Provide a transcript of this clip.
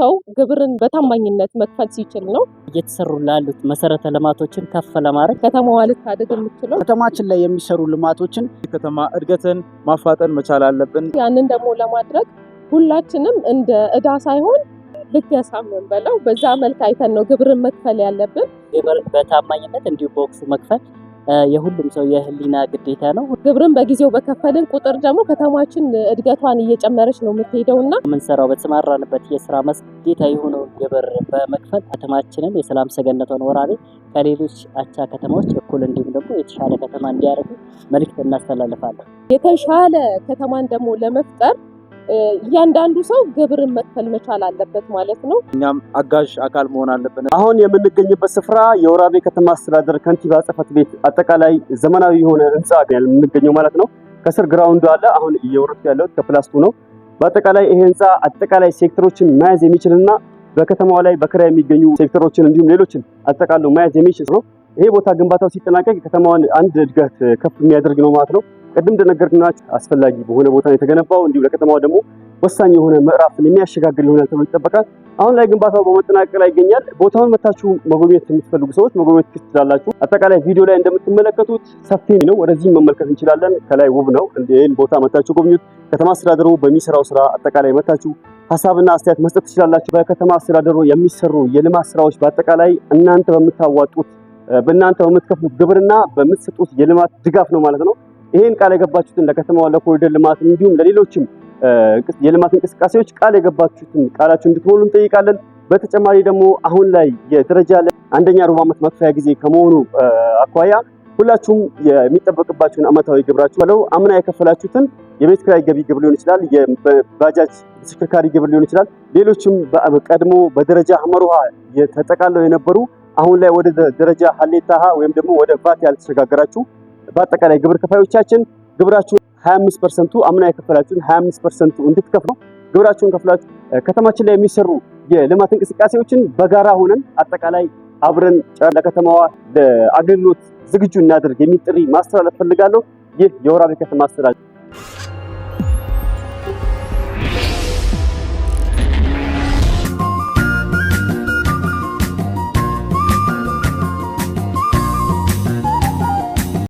ሰው ግብርን በታማኝነት መክፈል ሲችል ነው። እየተሰሩ ላሉት መሰረተ ልማቶችን ከፍ ለማድረግ ከተማዋ ልታድግ የምችለው ከተማችን ላይ የሚሰሩ ልማቶችን ከተማ እድገትን ማፋጠን መቻል አለብን። ያንን ደግሞ ለማድረግ ሁላችንም እንደ እዳ ሳይሆን ልገሳ በለው በዛ መልክ አይተን ነው ግብርን መክፈል ያለብን በታማኝነት እንዲሁ በወቅቱ መክፈል የሁሉም ሰው የህሊና ግዴታ ነው። ግብርን በጊዜው በከፈልን ቁጥር ደግሞ ከተማችን እድገቷን እየጨመረች ነው የምትሄደው እና የምንሰራው በተሰማራንበት የስራ መስክ ግዴታ የሆነውን ግብር በመክፈል ከተማችንን የሰላም ሰገነቷን ወራቤ ከሌሎች አቻ ከተማዎች እኩል እንዲሁም ደግሞ የተሻለ ከተማ እንዲያደርጉ መልዕክት እናስተላልፋለን። የተሻለ ከተማን ደግሞ ለመፍጠር እያንዳንዱ ሰው ግብርን መክፈል መቻል አለበት ማለት ነው። እኛም አጋዥ አካል መሆን አለብን። አሁን የምንገኝበት ስፍራ የወራቤ ከተማ አስተዳደር ከንቲባ ጽሕፈት ቤት አጠቃላይ ዘመናዊ የሆነ ህንፃ የምንገኘው ማለት ነው። ከስር ግራውንዱ አለ። አሁን እየወረድኩ ያለሁት ከፕላስቱ ነው። በአጠቃላይ ይሄ ህንፃ አጠቃላይ ሴክተሮችን መያዝ የሚችልና በከተማዋ ላይ በክራይ የሚገኙ ሴክተሮችን እንዲሁም ሌሎችን አጠቃሉ መያዝ የሚችል ነው። ይሄ ቦታ ግንባታው ሲጠናቀቅ ከተማዋን አንድ እድገት ከፍ የሚያደርግ ነው ማለት ነው። ቅድም እንደነገርናችሁ አስፈላጊ በሆነ ቦታ የተገነባው። እንዲሁም ለከተማዋ ደግሞ ወሳኝ የሆነ ምዕራፍን የሚያሸጋግር ይሆናል ተብሎ ይጠበቃል። አሁን ላይ ግንባታው በመጠናቀቅ ላይ ይገኛል። ቦታውን መታችሁ መጎብኘት የምትፈልጉ ሰዎች መጎብኘት ትችላላችሁ። አጠቃላይ ቪዲዮ ላይ እንደምትመለከቱት ሰፊ ነው፣ ወደዚህም መመልከት እንችላለን። ከላይ ውብ ነው። ይህን ቦታ መታችሁ ጎብኙት። ከተማ አስተዳደሩ በሚሰራው ስራ አጠቃላይ መታችሁ ሀሳብና አስተያየት መስጠት ትችላላችሁ። በከተማ አስተዳደሩ የሚሰሩ የልማት ስራዎች በአጠቃላይ እናንተ በምታዋጡት በእናንተ በምትከፍሉት ግብርና በምትሰጡት የልማት ድጋፍ ነው ማለት ነው ይሄን ቃል የገባችሁትን ለከተማዋ ለኮሪደር ልማት እንዲሁም ለሌሎችም የልማት እንቅስቃሴዎች ቃል የገባችሁትን ቃላችሁ እንድትሞሉ እንጠይቃለን። በተጨማሪ ደግሞ አሁን ላይ የደረጃ አንደኛ ሩብ ዓመት መክፈያ ጊዜ ከመሆኑ አኳያ ሁላችሁም የሚጠበቅባችሁን ዓመታዊ ግብራችሁ ለው አምና የከፈላችሁትን የቤት ክራይ ገቢ ግብር ሊሆን ይችላል፣ የባጃጅ ተሽከርካሪ ግብር ሊሆን ይችላል። ሌሎችም ቀድሞ በደረጃ አመሩሃ ተጠቃለው የነበሩ አሁን ላይ ወደ ደረጃ ሀሌታሃ ወይም ደግሞ ወደ ባት ያልተሸጋገራችሁ በአጠቃላይ ግብር ከፋዮቻችን ግብራችሁ 25 ፐርሰንቱ አምና የከፈላችሁን 25 ፐርሰንቱ እንድትከፍሉ ግብራችሁን ከፍላችሁ ከተማችን ላይ የሚሰሩ የልማት እንቅስቃሴዎችን በጋራ ሆነን አጠቃላይ አብረን ለከተማዋ ለአገልግሎት ዝግጁ እናድርግ የሚል ጥሪ ማስተላለፍ ፈልጋለሁ። ይህ የወራቤ ከተማ አስተዳደር